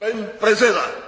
Ben presera.